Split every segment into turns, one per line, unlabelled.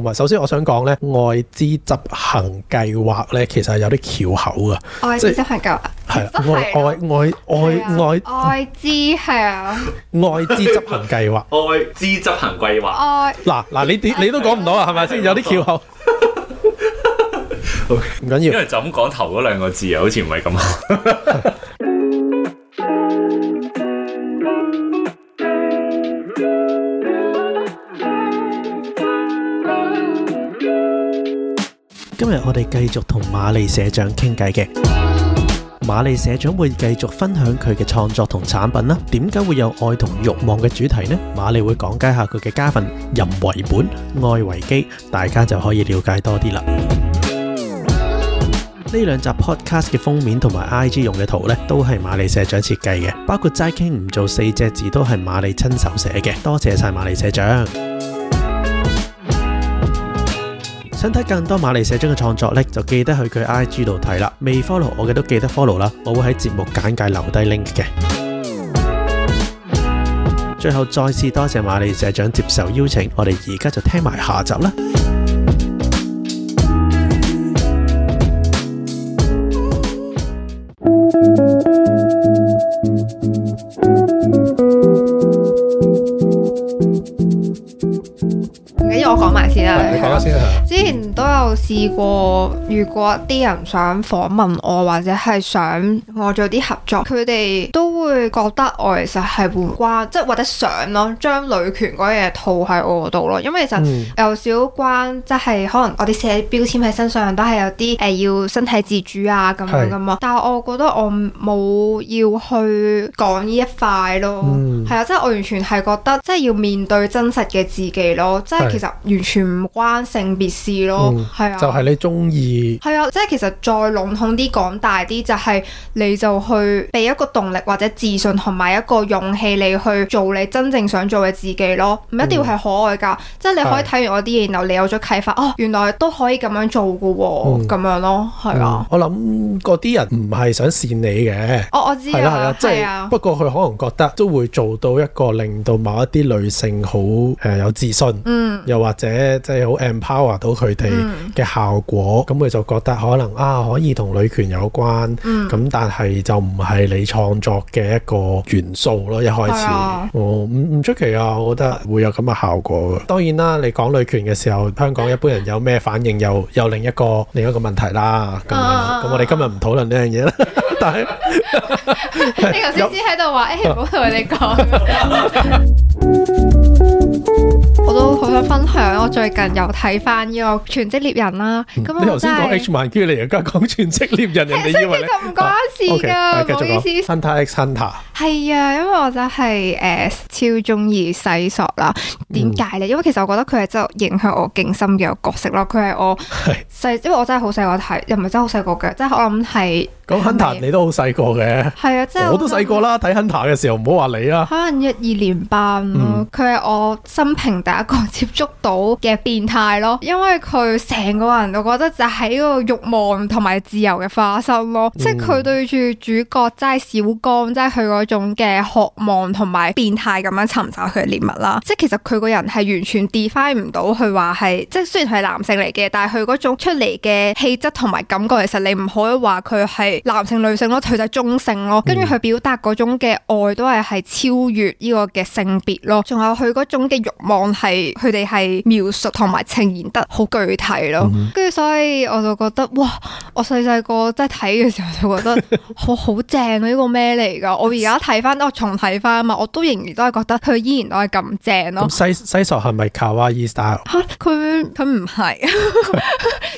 同埋，首先我想講呢，外資執行計劃呢，其實係有啲翹口啊。外
資執行計劃
係外外外外外
外資係啊。
外資執行計劃。外資執行計劃。外嗱嗱，你你都講唔到啊？係咪先有啲翹口？唔緊要，因為就咁講頭嗰兩個字啊，好似唔係咁今日我哋繼續同瑪莉社長傾偈嘅，瑪莉社長會繼續分享佢嘅創作同產品啦。點解會有愛同慾望嘅主題呢？瑪莉會講解下佢嘅家訓，淫為本，愛為基，大家就可以了解多啲啦。呢、嗯、兩集 podcast 嘅封面同埋 IG 用嘅圖呢，都係瑪莉社長設計嘅，包括齋傾唔做四隻字都係瑪莉親手寫嘅，多謝晒瑪莉社長。想睇更多瑪莉社長嘅創作呢，就記得去佢 IG 度睇啦。未 follow 我嘅都記得 follow 啦，我會喺節目簡介留低 link 嘅。 最後再次多謝瑪莉社長接受邀請，我哋而家就聽埋下集啦。
試過，如果啲人想訪問我，或者係想我做啲合作，佢哋都會覺得我其實係唔關，即係或者想咯，將女權嗰嘢套喺我度咯。因為其實有少少關，即係可能我哋寫標籤喺身上都係有啲誒、呃、要身體自主啊咁樣噶嘛。是但係我覺得我冇要去講呢一塊咯，係啊、嗯，即係我完全係覺得，即係要面對真實嘅自己咯，即係其實完全唔關性別事咯，係、嗯、啊。就
係你中意
係啊，即係其實再籠統啲講大啲，就係、是、你就去俾一個動力或者。自信同埋一個勇氣你去做你真正想做嘅自己咯，唔一定要係可愛噶，嗯、即係你可以睇完我啲嘢，然後你有咗啟發，的哦，原來都可以咁樣做噶，咁、嗯、樣咯，係啊。
我諗嗰啲人唔係想善你嘅，哦，我我知啦、啊，即係不過佢可能覺得都會做到一個令到某一啲女性好誒有自信。嗯。又或者即係好 empower 到佢哋嘅效果，咁佢就覺得可能啊可以同女權有關，咁但係就唔係你創作嘅一個元素咯。一開始，哦唔唔出奇啊，我覺得會有咁嘅效果嘅。當然啦，你講女權嘅時候，香港一般人有咩反應，又又另一個另一個問題啦。咁咁，我哋今日唔討論呢樣嘢啦。但係，你
頭先先喺度話，誒唔好同你講。.我都好想分享，我最近又睇翻《呢個、嗯、全職獵人》啦。咁我頭先講
H 漫跟住嚟而家講全職獵人，人哋以為咧？唔 關事噶，唔、啊 okay，啊、好意思。Hunter X Hunter
係啊，因為我真係誒超中意西索啦。點解咧？嗯、因為其實我覺得佢係真係影響我勁深嘅角色咯。佢係我細，是因為我真係好細個睇，又唔係真係好細個嘅，即係我諗係。咁 Hunter
你都好細個嘅，
啊，即我都細
個啦，睇 Hunter 嘅時候，唔好話你啊。
可能一二年班咯，佢係、嗯、我生平第一個接觸到嘅變態咯。因為佢成個人，我覺得就係一個慾望同埋自由嘅化身咯。即係佢對住主角即小江，即係佢嗰種嘅渴望同埋變態咁樣尋找佢嘅獵物啦。即係其實佢個人係完全 define 唔到，佢話係即係雖然係男性嚟嘅，但係佢嗰種出嚟嘅氣質同埋感覺，其實你唔可以話佢係，男性、女性咯，佢就係中性咯，跟住佢表達嗰種嘅愛都係係超越呢個嘅性別咯，仲有佢嗰種嘅欲望係佢哋係描述同埋呈現得好具體咯，跟住、嗯、哼所以我就覺得哇！我細細個即係睇嘅時候就覺得好好正啊，呢個咩嚟噶？我而家睇翻都重睇翻啊嘛，我都仍然都係覺得佢依然都係咁正咯。
西西索係咪卡哇伊 style？
佢佢唔係，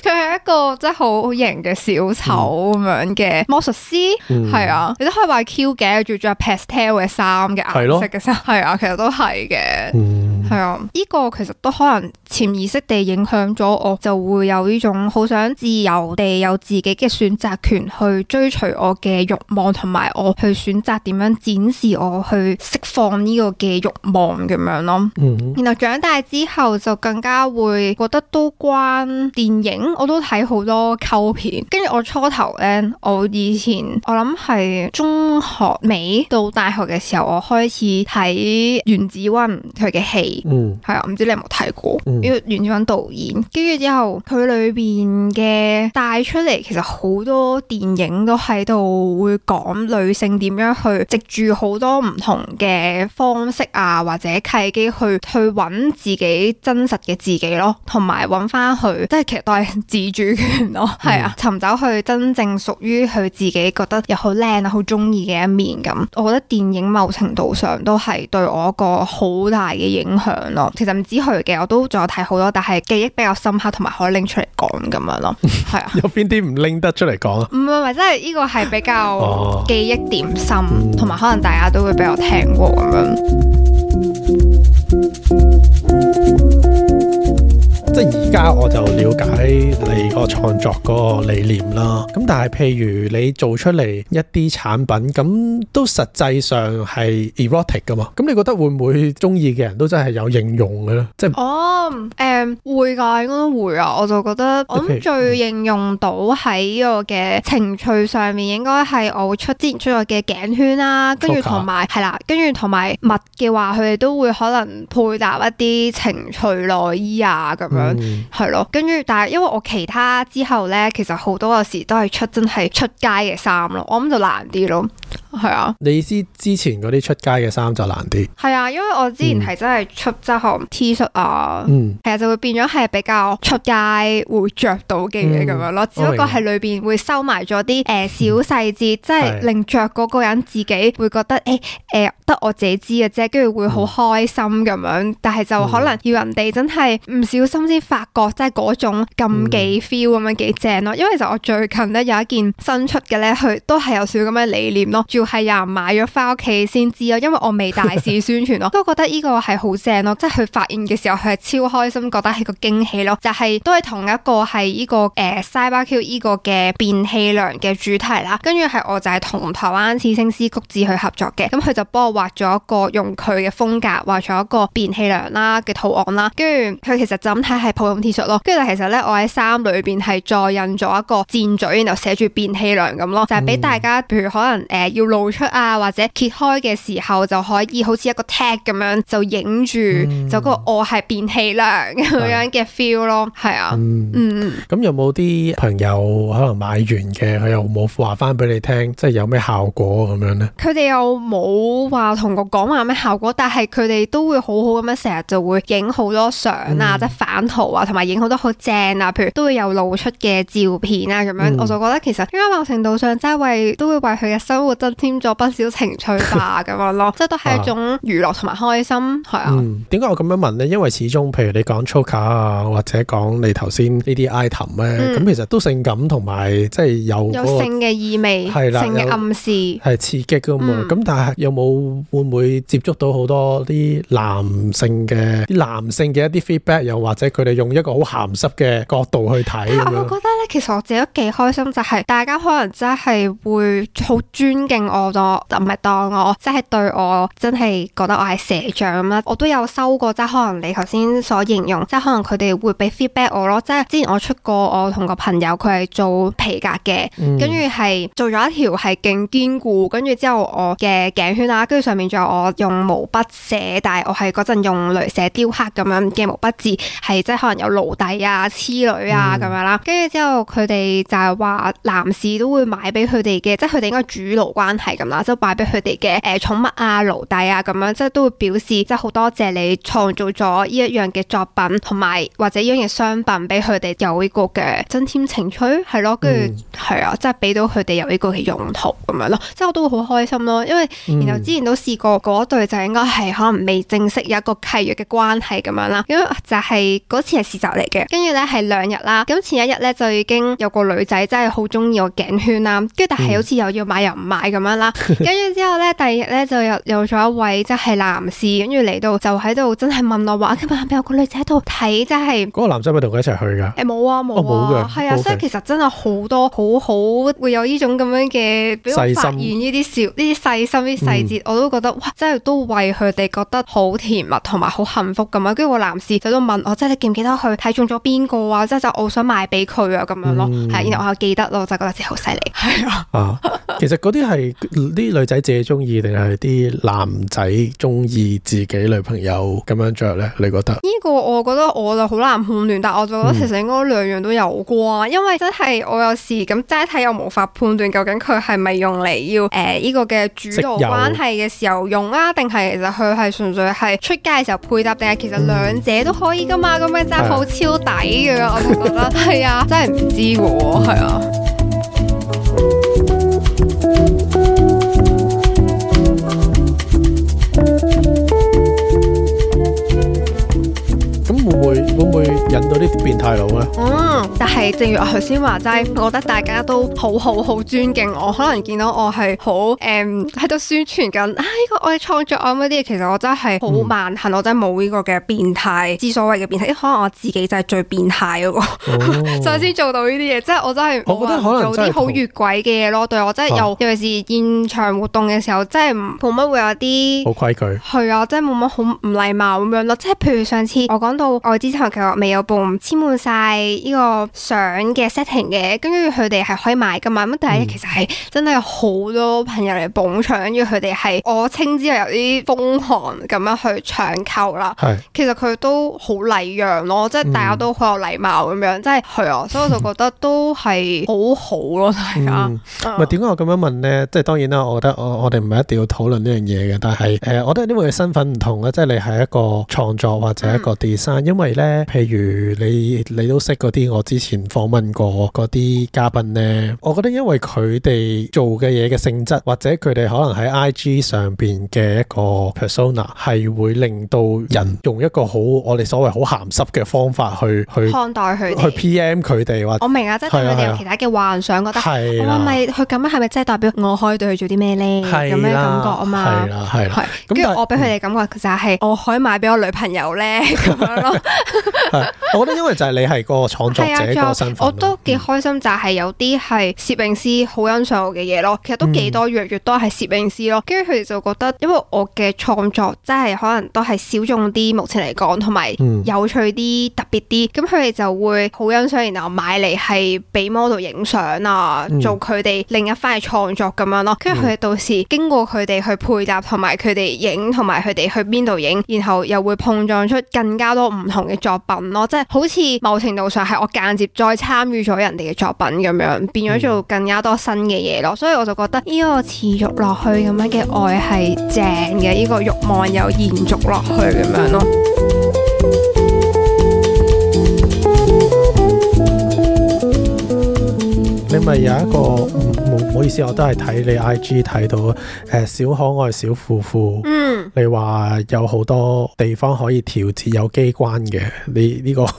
佢係、啊、 一個即係好好型嘅小丑咁樣嘅。魔術師係、嗯、啊，你都可以話 Q 嘅，着咗 pastel 嘅衫嘅顏色嘅衫，係啊的，其實都係嘅。嗯係啊，呢個其實都可能潛意識地影響咗我，就會有呢種好想自由地有自己嘅選擇權去追隨我嘅慾望，同埋我去選擇點樣展示我去釋放呢個嘅慾望咁樣咯。嗯、哼然後長大之後就更加會覺得都關電影，我都睇好多溝片。跟住我初頭呢，我以前我諗係中學尾到大學嘅時候，我開始睇原子溫佢嘅戲。嗯，係啊，唔知你有冇睇過？因為完全揾導演，跟住之後佢裏邊嘅帶出嚟，其實好多電影都喺度會講女性點樣去藉住好多唔同嘅方式啊，或者契機去去揾自己真實嘅自己咯，同埋揾翻去，即係其實都係自主權咯，係啊，尋找、嗯、去真正屬於佢自己覺得又好靚啊、好中意嘅一面咁。我覺得電影某程度上都係對我一個好大嘅影響。咯，其實唔止佢嘅，我都仲有睇好多，但係記憶比較深刻，同埋可以拎出嚟講咁樣咯。係
啊， 有邊啲唔拎得出嚟講
啊？唔係唔係，即係呢個係比較記憶點深，同埋、哦、可能大家都會比較聽過咁樣。
即我就了解你個創作嗰個理念啦。咁但係，譬如你做出嚟一啲產品，咁都實際上係 erotic 噶嘛？咁你覺得會唔會中意嘅人都真係有應用嘅咧？
即係哦，誒、嗯，會噶，應該都會啊。我就覺得，我諗最應用到喺我嘅情趣上面，應該係我會出之前出過嘅頸圈啦 oc，跟住同埋係啦，跟住同埋物嘅話，佢哋都會可能配搭一啲情趣內衣啊咁樣。嗯係咯，跟住，但係因為我其他之後呢，其實好多時都係出真係出街嘅衫咯，我諗就難啲咯。係啊，
你意思之前嗰啲出街嘅衫就難啲，
係啊，因為我之前係真係出即係 T 恤啊，嗯，係啊，就會變咗係比較出街會着到嘅嘢咁樣咯，嗯、只不過係裏邊會收埋咗啲誒小細節，嗯、即係令着嗰個人自己會覺得誒誒得我自己知嘅啫，跟住會好開心咁樣，但係就可能要人哋真係唔小心先發覺，覺、嗯，即係嗰種禁忌 feel 咁樣幾正咯，因為就我最近咧有一件新出嘅咧，佢都係有少少咁嘅理念咯。仲要係有人買咗返屋企先知咯，因為我未大肆宣傳咯， 都覺得呢個係好正咯，即係佢發現嘅時候，佢係超開心，覺得係個驚喜咯。就係、是、都係同一個係依、這個 b 西巴 Q 呢個嘅變氣涼嘅主題啦，跟住係我就係同台灣刺青師谷子去合作嘅，咁佢就幫我畫咗一個用佢嘅風格畫咗一個變氣涼啦嘅圖案啦，跟住佢其實整體係普通 T 恤咯，跟住其實咧我喺衫裏邊係再印咗一個箭嘴，然後寫住變氣涼咁咯，就係、是、俾大家譬、嗯、如可能誒。呃要露出啊，或者揭開嘅時候就可以好似一個 tag 咁樣，就就、那個，就影住就個我係變氣啦咁樣嘅 feel 咯，係啊，嗯
咁、嗯、有冇啲朋友可能買完嘅，佢又冇話翻俾你聽，即係有咩效果咁樣咧？
佢哋又冇話同我講話有咩效果，但係佢哋都會好好咁樣成日就會影好多相啊，嗯、即係反圖啊，同埋影好多好正啊，譬如都會有露出嘅照片啊咁樣，嗯、我就覺得其實應該某程度上真係為都會為佢嘅生活。增添咗不少情趣化咁樣咯， 即係都係一種娛樂同埋開心，係啊。啊嗯，
點解我咁樣問咧？因為始終，譬如你講粗卡啊，或者講你頭先呢啲 item 咧，咁、嗯、其實都性感同埋，即係有、那個、有性
嘅意味，的性嘅暗示，
係刺激噶嘛。咁、嗯、但係有冇會唔會接觸到好多啲男性嘅、嗯、男性嘅一啲 feedback，又或者佢哋用一個好鹹濕嘅角度去睇？啊？我覺得。
即係其實我自己都幾開心，就係、是、大家可能真係會好尊敬我咯，就唔係當我即係對我真係覺得我係社長啦。我都有收過，即係可能你頭先所形容，即係可能佢哋會俾 feedback 我咯。即係之前我出過我同個朋友佢係做皮革嘅，跟住係做咗一條係勁堅固，跟住之後我嘅頸圈啊，跟住上面仲有我用毛筆寫，但係我係嗰陣用鐳射雕刻咁樣嘅毛筆字，係即係可能有奴隸啊、痴女啊咁樣啦，跟住之後。佢哋就係話男士都會買俾佢哋嘅，即係佢哋應該主奴關係咁啦，即係買俾佢哋嘅誒寵物啊、奴隸啊咁樣，即係都會表示即係好多謝你創造咗呢一樣嘅作品同埋或者呢樣嘅商品俾佢哋有呢個嘅增添情趣，係咯，跟住係啊，即係俾到佢哋有呢個嘅用途咁樣咯，即係我都會好開心咯，因為然後之前都試過嗰對就應該係可能未正式有一個契約嘅關係咁樣啦，因為就係、係、嗰次係試習嚟嘅，跟住咧係兩日啦，咁前一日咧就。已經有個女仔真係好中意個頸圈啦，跟住但係好似又要買又唔買咁樣啦，跟住之後咧，第二日咧就有有咗一位即係男士，跟住嚟到就喺度真係問我話，今日下邊有個女仔喺度睇，真係
嗰個男士咪同佢一齊去噶？
冇啊，冇啊，係啊，所以其實真係好多好好會有呢種咁樣嘅表現，我發現呢啲小呢啲細心啲細節，我都覺得哇，真係都為佢哋覺得好甜蜜同埋好幸福咁啊！跟住個男士喺度問我，即係記唔記得佢睇中咗邊個啊？即係就我想買俾佢啊！咁樣咯，係、嗯，然後我又記得咯，就覺得自己好犀利，係啊。
其實嗰啲係啲女仔自己中意，定係啲男仔中意自己女朋友咁樣着呢？你覺得呢
個我覺得我就好難判斷，但我就覺得其實應該兩樣都有啩，嗯、因為真係我有時咁齋睇又無法判斷究竟佢係咪用嚟，要誒呢、呃這個嘅主奴關係嘅時候用啊，定係其實佢係純粹係出街嘅時候配搭，定係其實兩者都可以噶嘛？咁、嗯、樣真係好超抵嘅，的 我就覺得係啊，真係唔知噶喎，係啊。
會唔會引到啲變態
佬咧？嗯，但係正如我頭先話齋，我、就是、覺得大家都好好好尊敬我。可能見到我係好誒，喺、嗯、度宣傳緊啊呢、這個我嘅創作啊，嗰啲嘢，其實我真係好萬幸，嗯、我真係冇呢個嘅變態，之所謂嘅變態。因可能我自己就係最變態嗰個，先、哦、 做到呢啲嘢。即、就、係、是、我真係我覺得可能做啲好越軌嘅嘢咯。嗯、對我真係又，尤其是現場活動嘅時候，真係冇乜會有啲好規矩。係啊，真係冇乜好唔禮貌咁樣咯。即係譬如上次我講到我之前佢未有幫簽滿晒呢個相嘅 setting 嘅，跟住佢哋係可以買噶嘛？咁但係其實係真係好多朋友嚟捧場，跟住佢哋係我稱之係有啲瘋狂咁樣去搶購啦。是其實佢都好禮讓咯，即係大家都好有禮貌咁樣，即係係啊，所以我就覺得都係好好咯，大家。
唔點解我咁樣問呢？即係當然啦，我覺得我我哋唔係一定要討論呢樣嘢嘅，但係誒，我覺得因為身份唔同咧，即係你係一個創作或者一個 design，因為咧，譬如你你都識嗰啲我之前訪問過嗰啲嘉賓咧，我覺得因為佢哋做嘅嘢嘅性質，或者佢哋可能喺 I G 上面嘅一個 persona 係會令到人用一個好我哋所謂好鹹濕嘅方法去去看待佢去 PM 佢哋或者我明啊，即係對佢哋有其他
嘅幻想，覺得係咪佢咁樣係咪真係代表我可以對佢做啲咩咧？咁樣的感覺啊嘛，係啦係啦，咁、嗯、我俾佢哋感覺就係我可以買俾我女朋友咧咁樣咯。
我覺得因為就係你係嗰個創作者個身份咯、啊、Job，我都
幾開心，就係有啲係攝影師好欣賞我嘅嘢咯。其實都幾多，嗯、越越多係攝影師咯。跟住佢哋就覺得，因為我嘅創作真係可能都係小眾啲，目前嚟講，同埋有，有趣啲、特別啲。咁佢哋就會好欣賞、啊嗯，然後買嚟係俾 model 影相啊，做佢哋另一番嘅創作咁樣咯。跟住佢哋到時經過佢哋去配搭，同埋佢哋影，同埋佢哋去邊度影，然後又會碰撞出更加多唔同，嘅作品咯，即係好似某程度上係我間接再參與咗人哋嘅作品咁樣，變咗做更加多新嘅嘢咯，所以我就覺得呢、這個持續落去咁樣嘅愛係正嘅，呢、這個欲望又延續落去咁樣咯。
你咪有一個？唔好意思，我都係睇你 I G 睇到，誒、呃、小可愛小褲褲，嗯、你話有好多地方可以調節有機關嘅，你呢個 會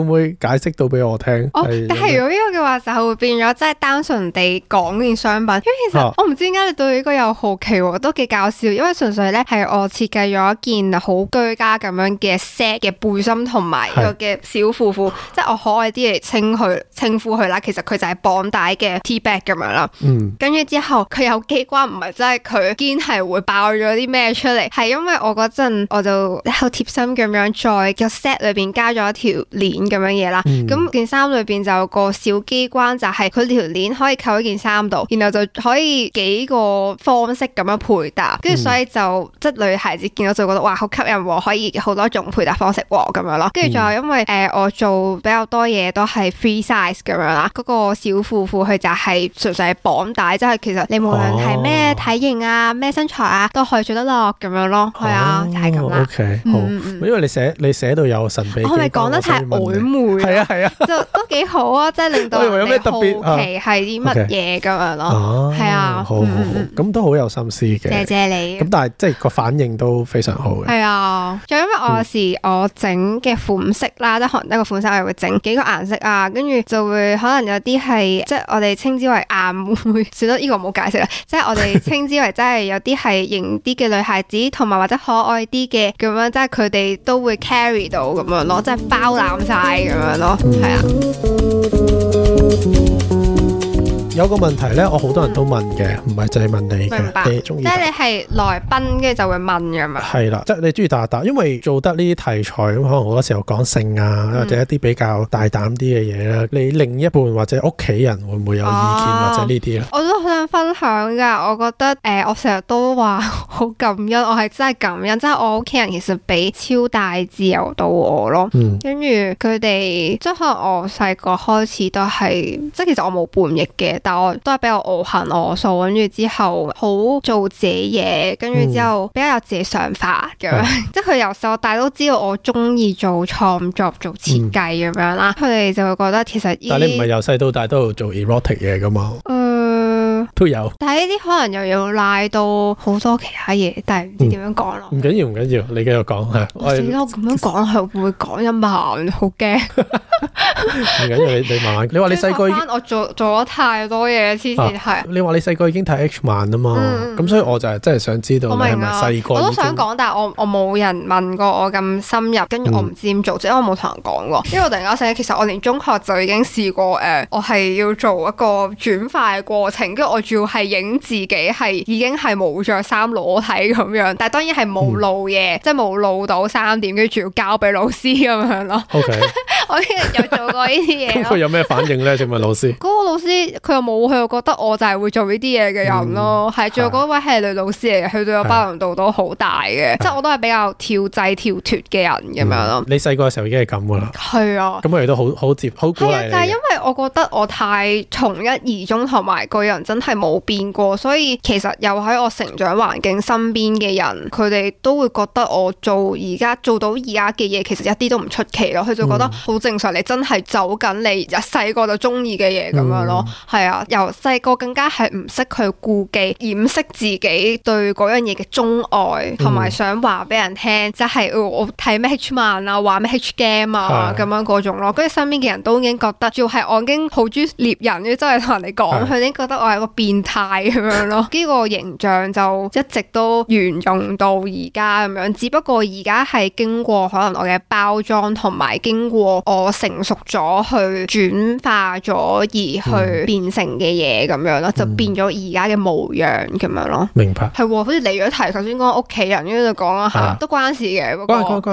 唔會解釋到俾我聽？但係如果呢
個嘅話，就變咗即係單純地講件商品。因為其實我唔知點解你對呢個有好奇喎，都幾搞笑，因為純粹呢，係我設計咗一件好居家咁樣嘅 set 嘅背心同埋個嘅小褲褲，是即係我可愛啲嚟稱佢稱呼佢啦。其實佢就係綁帶嘅 T-back 咁。啦，嗯，跟住之後佢有機關，唔係真係佢堅係會爆咗啲咩出嚟，係因為我嗰陣我就好貼心咁樣在個 set 裏邊加咗條鏈咁樣嘢啦，咁、嗯、件衫裏邊就有個小機關就係、是、佢條鏈可以扣喺件衫度，然後就可以幾個方式咁樣配搭，跟住、嗯、所以就即係女孩子見到就覺得哇好吸引喎，可以好多種配搭方式喎咁樣咯，跟住仲有因為誒、嗯呃、我做比較多嘢都係 free size 咁樣啦，嗰、那個小褲褲佢就係。就係綁帶，即係其實你無論係咩體型啊、咩身材啊，都可以做得落咁樣咯。係啊，就係咁啦。O K，
好，因為你寫你寫到有神秘感，係咪講得太
曖昧啊？係啊係啊，就都幾好啊！即係令到我以為有咩特別，係啲乜嘢咁樣咯。係啊，好好好，
咁都好有心思嘅，謝謝你。咁但係即係個反應都非常
好嘅。係啊，仲因為我有時我整嘅款式啦，即係可能一個款式我會整幾個顏色啊，跟住就會可能有啲係即係我哋稱之為唔會， 算得呢、這個冇解釋啦。即係我哋稱之為，真係有啲係型啲嘅女孩子，同埋 或者可愛啲嘅咁樣，即係佢哋都會 carry 到咁樣咯，即係包攬晒咁樣咯，係啊。
有個問題咧，我好多人都問嘅，唔係就係問你嘅，你即係
你係來賓跟住就會問嘅嘛。
係啦，即係你中意答答，因為做得呢啲題材咁，可能好多時候講性啊，嗯、或者一啲比較大膽啲嘅嘢啦。你另一半或者屋企人會唔會有意見、哦、或者呢啲咧？我
都覺得。分享噶，我覺得誒、呃，我成日都話好感恩，我係真係感恩，即、就、係、是、我屋企人其實俾超大自由到我咯。跟住佢哋，即係可能我細個開始都係，即係其實我冇叛逆嘅，但我都係比較我行我、呃、素。跟住之後，好做自己嘢，跟住之後比較有自己想法咁、嗯、 樣。即係佢由細到大都知道我中意做創作、做設計咁樣啦。佢哋、嗯、就會覺得其實，但係你唔係
由細到大都做 erotic 嘢噶嘛？嗯嗯 都有，
但係呢啲可能又要賴到好多其他嘢，但係唔知點樣講咯。
唔緊要，唔緊要，你繼續講嚇。我成日我
咁樣講係會講一萬，好驚。
唔緊要，你慢慢。你話你細個，我做
做咗太多嘢，黐線係。你
話你細個已經睇 H 漫啊嘛？咁所以我就係真係想知道你係咪細個。我都想
講，但係我我冇人問過我咁深入，跟住我唔知點做，即係我冇同人講過。因為我突然間醒起其實我連中學就已經試過誒，我係要做一個轉化嘅過程，跟住我。要係影自己係已經係冇着衫裸體咁樣，但係當然係冇露嘢，即係冇露到三點，跟住仲要交俾老師咁樣咯。
OK，
我呢日有做過呢啲嘢，佢有
咩反應咧？請問老師，
嗰個老師佢又冇，佢又覺得我就係會做呢啲嘢嘅人咯。係仲有嗰位係女老師嚟嘅，佢對我包容度都好大嘅，即係我都係比較跳掣跳脫嘅人咁
樣咯。你細個嘅時候已經係咁噶啦，係啊，咁我哋都好好接好鼓勵，就係因
為我覺得我太從一而終，同埋個人真係。冇變過，所以其實又喺我成長環境身邊嘅人，佢哋都會覺得我做而家做到而家嘅嘢，其實一啲都唔出奇咯。佢就覺得好正常，嗯、你真係走緊你細個就中意嘅嘢咁樣咯。係、嗯、啊，由細個更加係唔識去顧忌掩飾自己對嗰樣嘢嘅鍾愛，同埋、嗯、想話俾人聽，即係、哦、我睇咩 H 漫啊，玩咩 H game 啊咁樣嗰種咯。跟住身邊嘅人都已經覺得，主要係我已經好中意獵人，真係同你講，佢已經覺得我係個，變態咁樣咯，呢、呢個形象就一直都沿用到而家咁樣，只不過而家係經過可能我嘅包裝，同埋經過我成熟咗去轉化咗，而去變成嘅嘢咁樣咯，就變咗而家嘅模樣咁樣咯。 明白，係，好似離咗題，頭先講屋企人，跟住就講一下都關事嘅。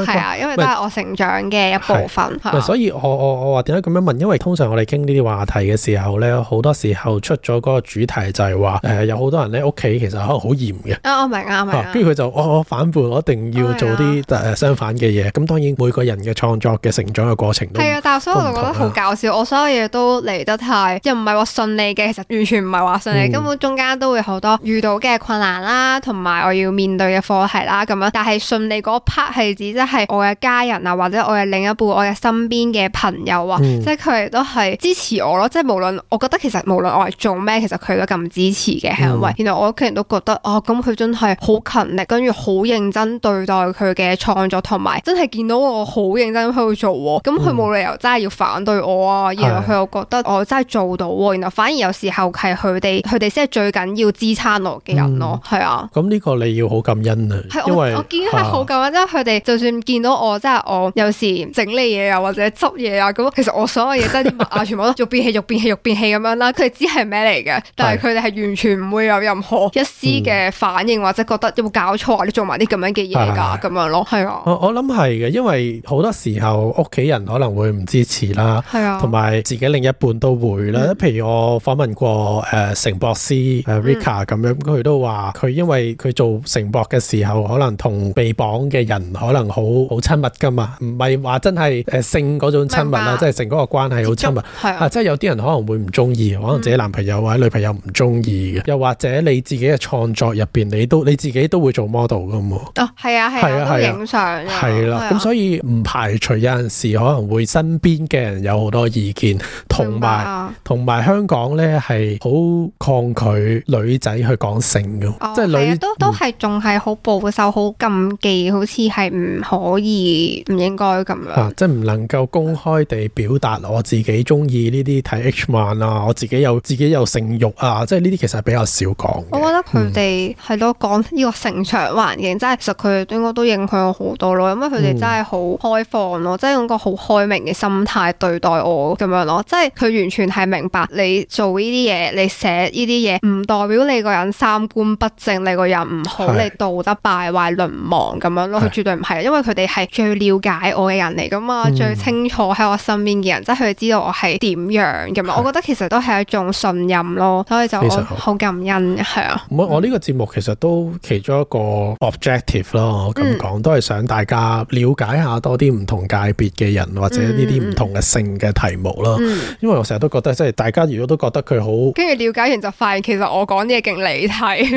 係啊，因為都係我成長嘅一部分、嗯、所
以我我我話點解咁樣問？因為通常我哋傾呢啲話題嘅時候咧，好多時候出咗嗰個主題。就係話誒，有好多人咧，屋企其實可能好嚴嘅啊，我
明，我明啊，明，跟
住佢就、哦、我反叛，我一定要做啲相反嘅嘢。咁、嗯、當然每個人嘅創作嘅成長嘅過程都係啊，但係所以我就覺得好
搞笑。啊、我所有嘢都嚟得太，又唔係話順利嘅，其實完全唔係話順利，嗯、根本中間都會好多遇到嘅困難啦，同埋我要面對嘅課題啦咁樣。但係順利嗰 part 係指即係我嘅家人啊，或者我嘅另一半，我嘅身邊嘅朋友啊，嗯、即係佢哋都係支持我咯。即係無論我覺得其實無論我係做咩，其實佢咁支持嘅，係、嗯、因為，原來我屋企人都覺得，哦，咁佢真係好勤力，跟住好認真對待佢嘅創作，同埋真係見到我好認真咁去做，咁佢冇理由真係要反對我啊。然後佢又覺得我真係做到，的然後反而有時候係佢哋，佢哋先係最緊要支撐我嘅人咯，係啊。
咁呢個你要好感恩啊，因為我見到係好
感恩，即係佢哋就算見到我，即係、啊、我有時整理嘢啊，或者執嘢啊，咁其實我所有嘢真係啲物啊，全部都肉變氣，肉變氣，肉變氣咁樣啦。佢哋知係咩嚟嘅，但係。佢哋係完全唔會有任何一絲嘅反應，或者覺得有冇搞錯啊？你做埋啲咁樣嘅嘢㗎，咁樣咯，係啊。我
我諗係嘅，因為好多時候屋企人可能會唔支持啦，係啊，同埋自己另一半都會啦。譬如我訪問過誒成博師誒 Rica 咁樣，佢都話佢因為佢做成博嘅時候，可能同被綁嘅人可能好好親密㗎嘛，唔係話真係誒性嗰種親密啦，即係性嗰個關係好親密，啊，即係有啲人可能會唔中意，可能自己男朋友或者女朋友。唔中意嘅，又或者你自己嘅創作入邊你都你自己都會做 model 噶嘛？
哦，係啊，係啊，都影相。係
啦、啊，咁、啊、所以唔排除有陣時可能會身邊嘅人有好多意見，同埋同埋香港咧係好抗拒女仔去講性嘅，哦、
即係女、啊、都都係仲係好保守、好禁忌，好似係唔可以、唔應該咁樣啊、哦，
即係唔能夠公開地表達我自己中意呢啲睇 H 漫啊，我自己有自己有，自己有性欲啊。即係呢啲其實係比較少講。
我覺得佢哋係咯講呢個成長環境，即係其實佢哋應該都影響咗好多咯。因為佢哋真係好開放咯，嗯、即係用個好開明嘅心態對待我咁樣咯。即係佢完全係明白你做呢啲嘢，你寫呢啲嘢唔代表你個人三觀不正，你個人唔好，是你道德敗壞、淪亡咁樣咯。佢是絕對唔係，因為佢哋係最了解我嘅人嚟噶嘛，嗯、最清楚喺我身邊嘅人，即係佢哋知道我係點樣。咁啊，我覺得其實都係一種信任咯。非常好， 好感恩，係啊。
唔，我呢個節目其實都其中一個 objective 咯，我咁講，都係想大家了解下多啲唔同界別嘅人或者呢啲唔同嘅性嘅題目咯。Mm. 因為我成日都覺得，即係大家如果都覺得佢好，
跟住了解完就發現，其實我講嘢勁離題。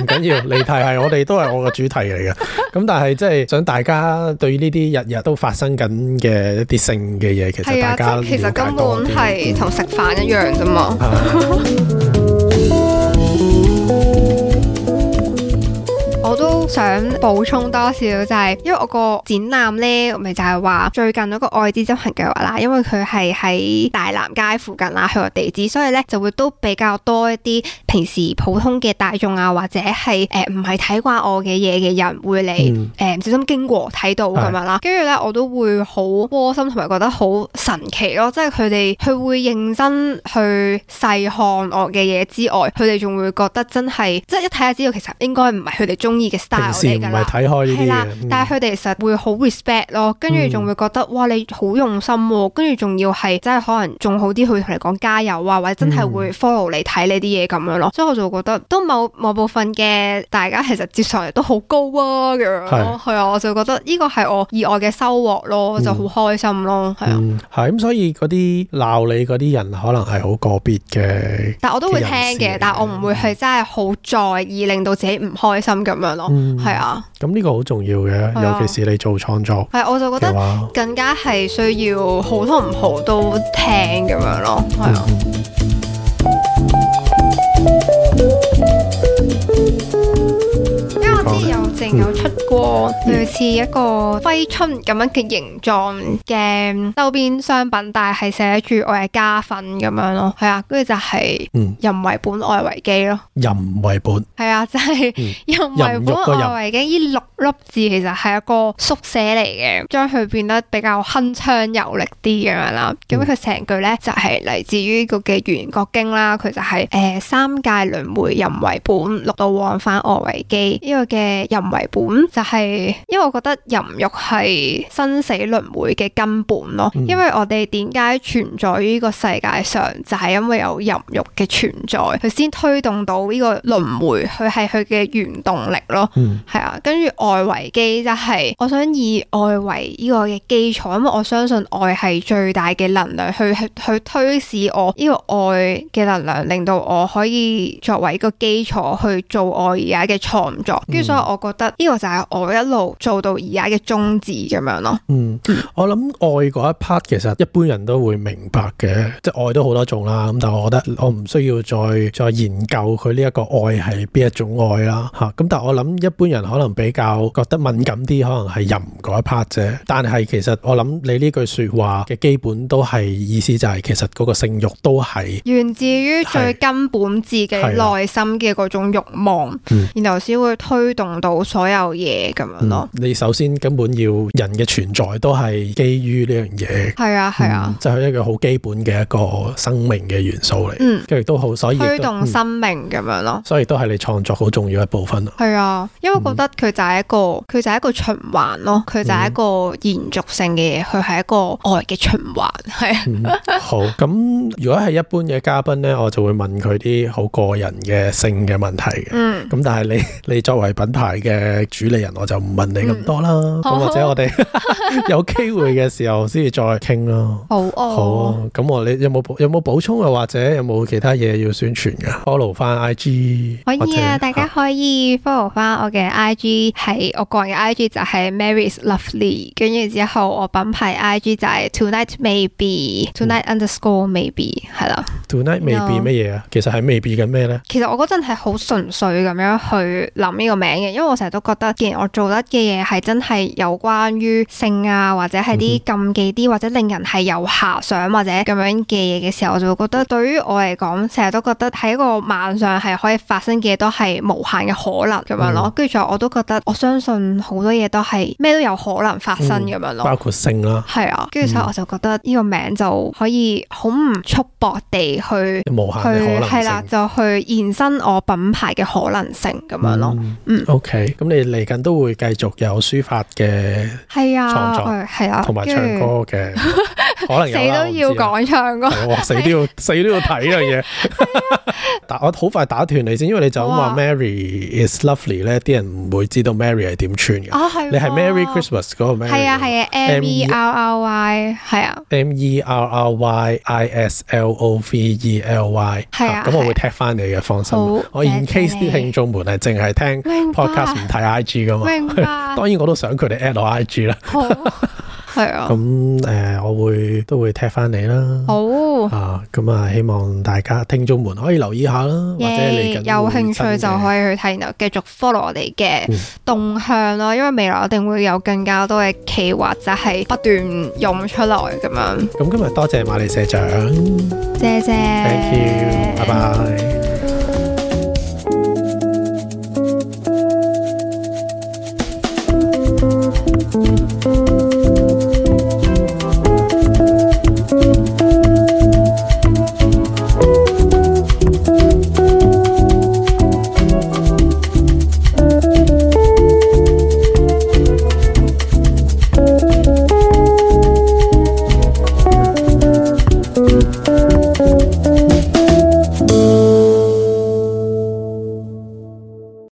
唔 緊要，離題係我哋都係我嘅主題嚟嘅。咁 但係即係想大家對呢啲日日都發生緊嘅一啲性嘅嘢，其實大家了解
多啲。其實根本係同食飯一樣啫嘛。想補充多少就係、是，因為我個展覽呢，咪就係、是、話最近嗰個愛之執行計劃啦。因為佢係喺大南街附近啊，佢個地址，所以呢就會都比較多一啲平時普通嘅大眾啊，或者係誒唔係睇慣我嘅嘢嘅人會嚟唔、嗯呃、小心經過睇到咁、嗯、樣啦。跟住呢，我都會好窩心同埋覺得好神奇咯，即係佢哋佢會認真去細看我嘅嘢之外，佢哋仲會覺得真係即係一睇就知道其實應該唔係佢哋中意嘅平時
唔係睇開呢啲啦、嗯、
但係佢哋其實會好 respect 咯，跟住仲會覺得哇，你好用心，跟住仲要係即係可能仲好啲去同你講加油啊，或者真係會 follow 你睇呢啲嘢咁樣咯，所以我就覺得都某某部分嘅大家其實接受力都好高啊樣，咁樣咯，係啊，我就覺得呢個係我意外嘅收穫咯，就好開心咯，係啊，
係咁，所以嗰啲鬧你嗰啲人可能係好個別嘅，但我都會聽
嘅，但我唔會係真係好在意，令到自己唔開心咁樣咯。嗯係、嗯、啊，
咁呢個好重要嘅，啊、尤其是你做創作，係、啊、我就覺得
更加係需要好同唔好都聽咁樣咯，係啊。嗯 定、嗯、有出過類似一個揮春咁樣嘅形狀嘅周邊商品，但係寫住我嘅家訓咁樣咯，係、嗯、啊，跟住就係淫為本，愛為基
咯。淫為本
係啊，就係、是、淫為本，愛為基。呢六粒字其實係一個縮寫嚟嘅，將佢變得比較鏗鏘有力啲咁樣啦。咁佢成句咧就係、是、嚟自於個嘅《圓覺經》啦。佢就係、是、誒、呃、三界輪回淫為本，六道往返，愛為基。呢個嘅淫。為本就係，因為我覺得淫慾係生死輪迴嘅根本咯。因為我哋點解存在於呢個世界上，就係、是，因為有淫慾嘅存在，佢先推動到呢個輪迴，佢係佢嘅原動力咯。係、嗯、啊，跟住愛為基就係，我想以愛為呢個嘅基礎，因為我相信愛係最大嘅能量，去去推使我呢個愛嘅能量，令到我可以作為一個基礎去做我而家嘅創作。跟住所以我覺呢個就係我一路做到而家嘅宗旨咁樣咯。嗯，
我諗愛嗰一 part 其實一般人都會明白嘅，即係愛都好多種啦。咁但係我覺得我唔需要再再研究佢呢一個愛係邊一種愛啦。吓、啊，咁但係我諗一般人可能比較覺得敏感啲，可能係淫嗰一 part 啫。但係其實我諗你呢句說話嘅基本都係意思就係，其實嗰個性欲都係
源自於最根本自己內心嘅嗰種慾望，然後先會推動到。所有嘢咁樣咯，
你首先根本要人嘅存在都係基於呢樣嘢，
係啊，係啊，
就係一個好基本嘅一個生命嘅元素嚟，嗯，跟住都好，所以推動生
命咁樣咯，
所以都係你創作好重要一部分咯，
係啊，因為覺得佢就係一個佢就係一個循環咯，佢就係一個延續性嘅嘢，佢係一個愛嘅循環，係啊。好，
咁如果係一般嘅嘉賓咧，我就會問佢啲好個人嘅性嘅問題嘅，嗯，咁但係你你作為品牌嘅。誒，主理人我就唔問你咁多啦，咁、嗯、或者我哋 有機會嘅時候先至再傾咯。
好哦，好、啊，
咁我你有冇補有冇補充啊？或者有冇其他嘢要宣傳嘅？Follow 翻 IG 可以啊，者大
家可以 Follow 翻我嘅 IG，係好我個人嘅 IG 就係 MerryIsLovely，跟住之後我品牌 IG 就係 TonightMaybe，TonightUnderscoreMaybe 係啦。
Tonight Maybe 乜嘢啊？其實係 maybe 緊咩咧？
其實我嗰陣係好純粹咁樣去諗呢個名嘅，因為我。成日都覺得，既然我做得嘅嘢係真係有關於性啊，或者係啲禁忌啲，或者令人係有遐想或者咁樣嘅嘢嘅時候，我就會覺得對於我嚟講，成日都覺得喺一個晚上係可以發生嘅嘢都係無限嘅可能咁樣咯。跟住就我都覺得，我相信好多嘢都係咩都有可能發生咁樣咯、嗯。包
括性啦。
係啊，跟住所以我就覺得呢個名就可以好唔束縛地去無限嘅可能性係啦、啊，就去延伸我品牌嘅可能性咁樣
咯。嗯，嗯，OK。咁你嚟緊都會繼續有書法嘅創作，同埋、啊啊、唱歌嘅。然後
死都要講唱噶死都
要死都要睇嘅嘢。但我好快打斷你先，因為你就咁話 Mary is lovely 咧，啲人唔會知道 Mary 係點穿嘅。啊係，
你係 Merry
Christmas 嗰個 m a 係啊係
啊，M E R R Y 係
啊，M E R R Y I S L O V E L Y 係。咁我會踢翻你嘅，放心。我 in case 啲聽眾們係淨係聽 podcast 唔睇 IG 噶嘛。明，當然我都想佢哋 at 我 IG 啦。係啊，咁誒，我會都會踢翻你啦。
好啊，
咁啊，希望大家聽眾們可以留意下啦，或者你有興趣就
可以去睇，然後繼續 follow 我哋嘅動向啦。因為未來我一定會有更加多嘅企劃，就係不斷湧出來咁樣。
咁今日多謝瑪莉社長，
謝謝，Thank
you，拜拜。